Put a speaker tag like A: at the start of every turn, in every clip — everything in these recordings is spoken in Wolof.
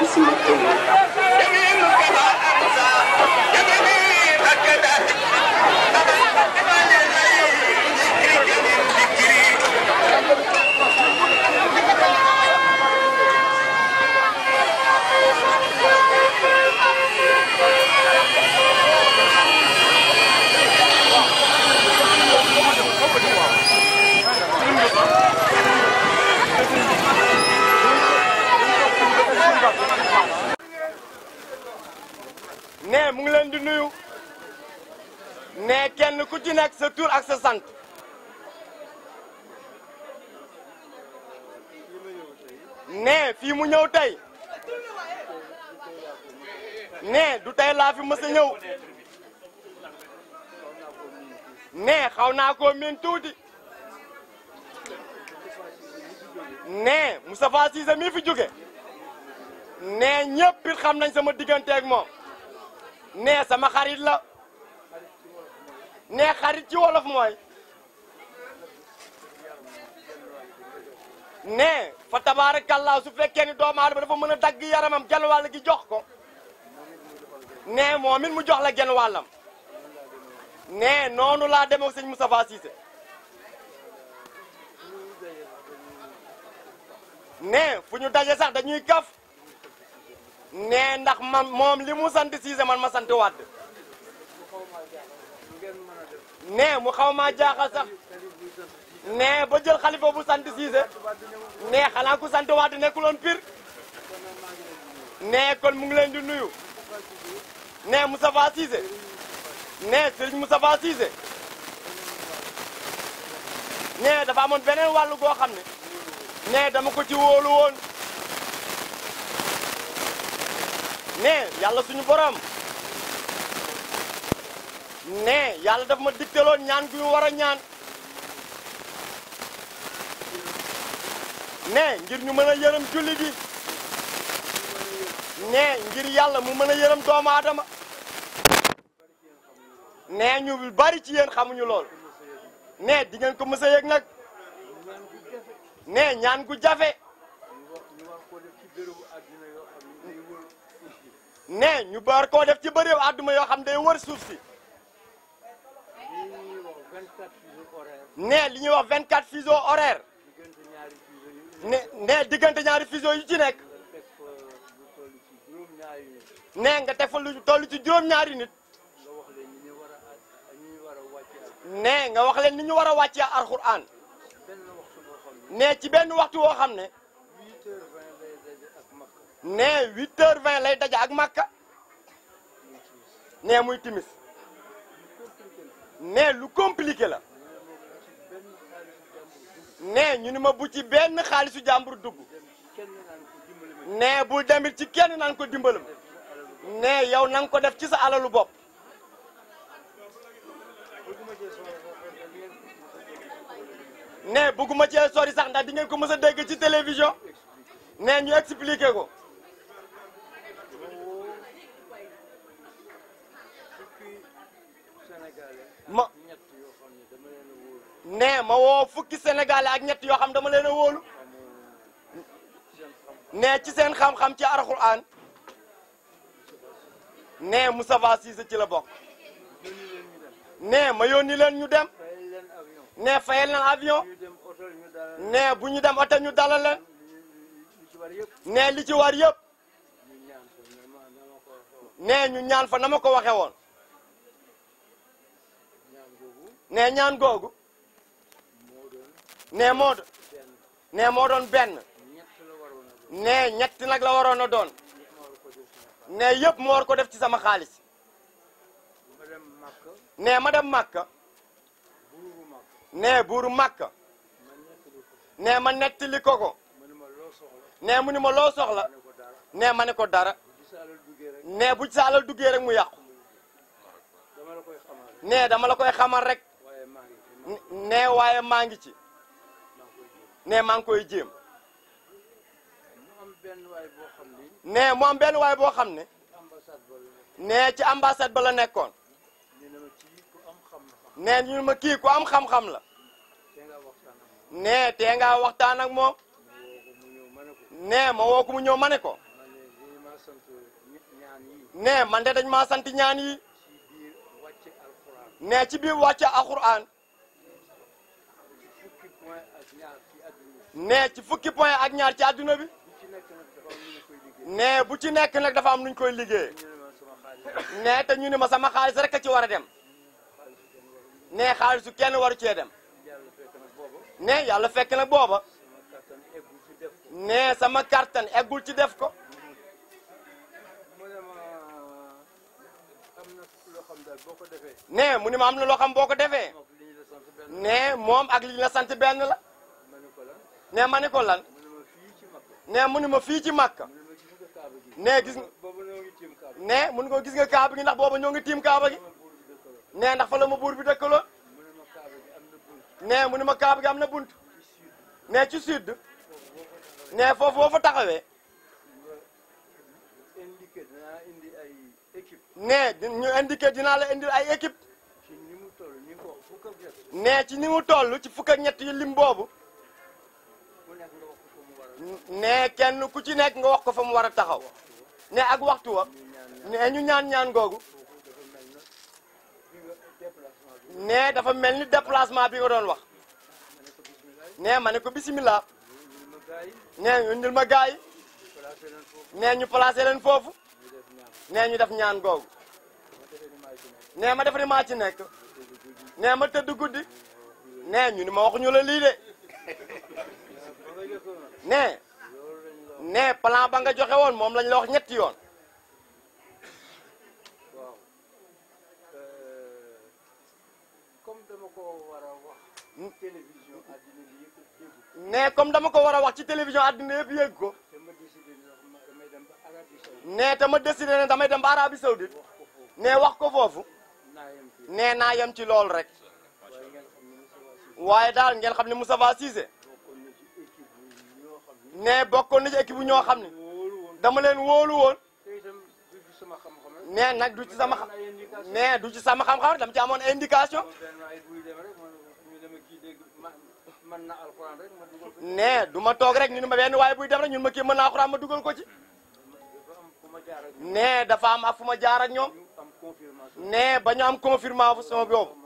A: Maxime Matoum. ne mu ngi leen di nuyu ne kenn ku ci nekk sa tur ak sa sant ne mu ñëw tey ne du tey laa fi mës ñëw ne xaw naa ko miin tuuti ne Moustapha Cissé mii fi jóge nee ñëpp xam nañ sama digganteeg moom nee sama xarit la nee xarit ci wolof mooy nee fa tabaarakallaa su fekkee ni doomu aadama dafa mën a dagg yaramam genn wàll gi jox ko nee moom mu jox la genn wàllam nee noonu laa dem ak sëñ Moustapha Cissé nee fu ñu daje sax dañuy kaf ne ndax man moom li mu sant Cissé man ma sant Wade ne mu xaw maa jaaxal sax ne ba jël xalifa bu sant Cissé ne xanaa ku sant Wade nekkuloon pire ne kon mu ngi leen di nuyu ne Moustapha Cissé ne Serigne Moustapha Cissé ne dafa amoon beneen wàllu goo xam ne ne dama ko ci wóolu woon ne yàlla suñu borom ne yàlla daf ma digtaloon ñaan gu mu war a ñaan ne ngir ñu mën a yërëm julli bi ne ngir yàlla mu mën a yërëm doomu aadama ne ñu bari ci yéen xamuñu lool ne di ngeen ko mës a yëg nag ne ñaan gu jafe ne ñu boor koo def ci bëri àdduma yoo xam day war suuf si ne li ñuy wax 24 fuseaux horaires ne ne diggante ñaari fuseaux yu ci nekk ne nga teg fa lu toll ci juróom-ñaari nit ne nga wax leen ni ñu war a wàccee alxuraan ne ci benn waxtu woo xam ne ne huit vingt lay daje ak Makka ne muy timis ne lu compliqué la ne ñu ni bu ci benn xaalisu jàmbur dugg ne bul demit ci kenn naan ko dimbalam ne yow na ko def ci sa alalu bopp ne bëgguma cee sori sax ndax di ngeen ko mës a dégg ci télévision ne ñu expliqué ko ma ne ma woo fukki sénégalais ak ñett yoo xam dama leen a wóolu ne ci seen xam-xam ci alxuraan ne Moustapha Cissé ci la bokk ne ma yónni leen ñu dem ne fayal na avion ne bu ñu dem hôtel ñu dalal leen ne li ci war yëpp ne ñu ñaan fa na ma ko waxe ne ñaan googu ne moo doon moo doon benn ne ñett nag la waroon a doon ne yëpp mu war ko def ci sama xaalis ne ma dem Màkka ne buuru Màkka ne ma nettali ko ko ne mu ni ma loo soxla ne ma ne ko dara ne bu ci duggee rek mu yàqu ne dama la koy xamal rek ne waaye maa ngi ci ne maa ngi koy jéem ne mu am benn waay boo xam ne ne ci ambassade ba la nekkoon ne ñu ma kii ku am xam-xam la ne tee nga waxtaan ak moom ne ma woo ko mu ñëw ma ne ko ne man de dañ maa sant ñaan yi ne ci biir wàcce alxuraan nee ci fukki point ak ñaar ci adduna bi ne bu ci nekk nag dafa am nuñ koy liggéey ne te ñu ni ma sama xaalis rek a ci war a dem nee xaalisu kenn waru cee dem ne yàlla fekk na booba ne sama kartan eggul ci def ko nee mu ni ma am na loo xam boo ko defee
B: ne moom
A: ak li ñu la sant benn la ne ma ni ko lan ne mu ni ma fii ci Makka ne gis ne mun ko gis nga kaaba gi ndax booba ñoo ngi tiim kaaba gi ne ndax fa la ma buur bi dëkkaloon ne mu ni ma kaaba gi am na bunt ne ci sud ne foofu boo fa taxawee ne ñu indiqué dinaa la indil ay équipe ne ci ni mu toll ci fukk ak ñett yi lim boobu ne kenn ku ci nekk nga wax ko fa mu war a taxaw ne ak waxtu wa ne ñu ñaan-ñaan googu ne dafa mel ni déplacement bi nga doon wax ne ma ne ko bisimilah ne indil ma gaay ne ñu placé leen foofu nee ñu def ñaan googu nee ma defe ni maa ci nekk nee ma tëdd guddi nee ñu ni ma waxuñu la lii de nee nee plan ba nga joxe woon moom lañ la wax ñetti yoon nee comme dama ko war a wax ci télévision àddina yëpp yëg ko ne te ma décidé ne damay dem ba Arabie Saoudite ne wax ko foofu nee naa yam ci lool rek waaye daal ngeen xam ne Moustapha Cissé ne bokkoon na ci équipe bu ñoo xam ne dama leen woolu woon ne nag du ci sama xam ne du ci sama xam-xam dama ci indication ne du ma toog rek ñu ma benn waaye buy dem rek ñun ma kii mën naa alxuraan ma dugal ko ci nee dafa am ak fu ma jaar ak ñoom nee ba ñu am confirmation boobu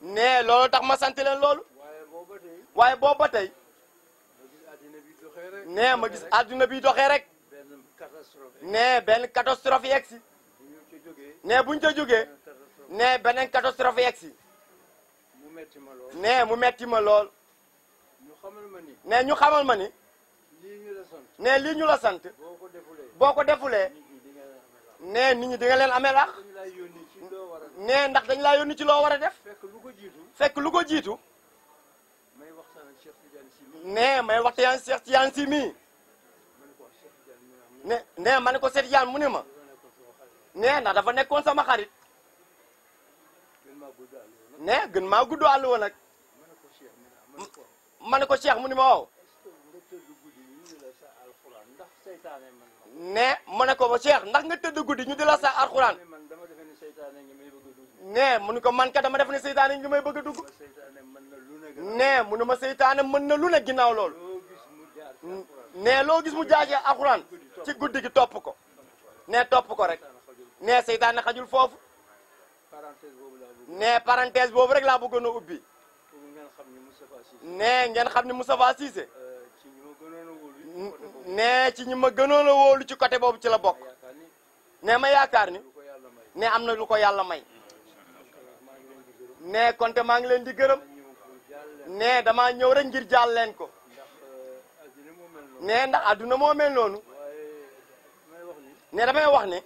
A: nee loolu tax ma sant leen loolu waaye boobu ba tey nee ma gis adduna bi doxe rek nee benn catastrophe yegg si nee buñ ca jógee nee beneen catastrophe yegg nee mu metti ma lool nee ñu xamal ma ni nee lii la sant boo ko defulee nee nit ñi di nga leen ameel ak nee ndax dañ laa yónni ci loo war a def fekk lu ko jiitu nee may waxtaan
B: Cheikh Tidiane
A: Sy mii ne nee ma ne ko Cheikh Tidiane mu ne ma nee ndax dafa nekkoon sama xarit nee gën maa gudd àll woon nag ma ne ko Cheikh mu ne ma waaw ne mu ne ko ba Cheikh ndax nga tëdd guddi ñu di la sa alxuraan ne mu ne ko man kat dama def ne seytaane ngi may bëgg a dugg ne mu ne ma seytaane mën na lu ne ginnaaw lool ne loo gis mu jaajee alxuraan ci guddi gi topp ko ne topp ko rek ne seytaane xajul foofu ne parenthèse boobu rek la bëggoon a ubbi ne ngeen xam ni Moustapha Cissé nee ci ñi ma gënoon a wóolu ci côté boobu ci la bokk ne ma yaakaar ni ne am na lu ko yàlla may ne konte maa ngi leen di gërëm ne damaa ñëw rek ngir jaal leen ko nee ndax àdduna moo mel noonu ne damay wax ne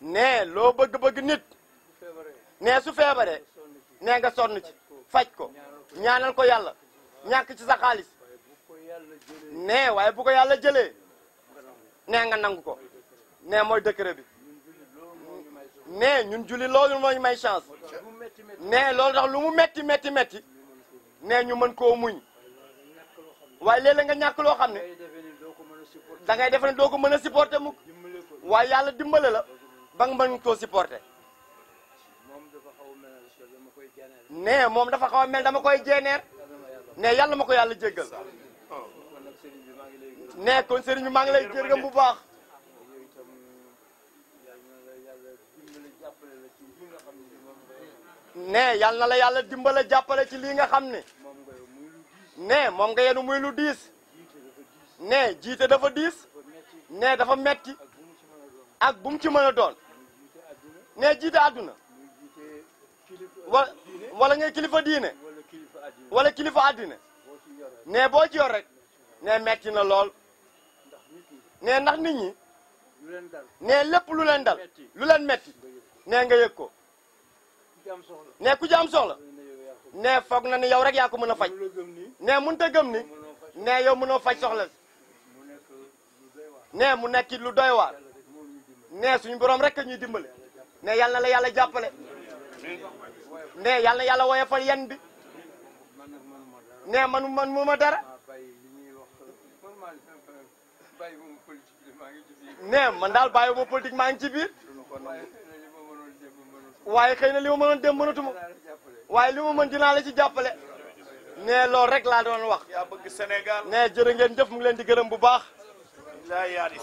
A: ne loo bëgg-bëgg nit ne su feebaree ne nga sonn ci faj ko ñaanal ko yàlla ñàkk ci sa xaalis nee waaye bu ko yàlla jëlee nee nga nangu ko ne mooy décret bi ne ñun julli loolu moo ñu may chance ne loolu tax lu mu metti metti metti ne ñu mën koo muñ waaye léeg-léeg nga ñàkk loo xam ne da ngay defe ne doo ko mën a supporter mukk waaye yàlla dimbale la ba nga mën koo supporter moom dafa xaw a mel dama koy jeeneer ne yàlla ma ko yàlla jéggal ne kon sëriñ bi maa ngi lay jërëm bu baax ne yàlla na la yàlla dimbale jàppale ci lii nga xam ne ne moom nga yenu muy lu diis ne jiite dafa diis ne dafa metti ak bu mu ci mën a doon ne jiite àdduna wa ngay kilifa diine wala kilifa àddina ne boo ci yor rek ne metti na lool ne ndax ni ñi ne lépp lu leen dal lu leen metti ne nga yëg ko ne ku ci am soxla ne foog na ni yow rek yaa ko mën a faj ne mënut a gëm ni ne yow mënoo faj soxla si ne mu nekk lu doy waar ne suñu borom rek a ñuy dimbale ne yàlla na la yàlla jàppale ne yàlla na yàlla woyofal yen bi
B: ne man ah, man mu ma dara
A: ne man daal bàyyi ma politique maa ngi ci biir waaye xëy na li ma mënoon dem mënatuma waaye li ma mën dinaa la ci jàppale ne loolu rek laa doon wax yaa bëgg Sénégal ne jërë jëf mu leen di gërëm bu baax laa yaa di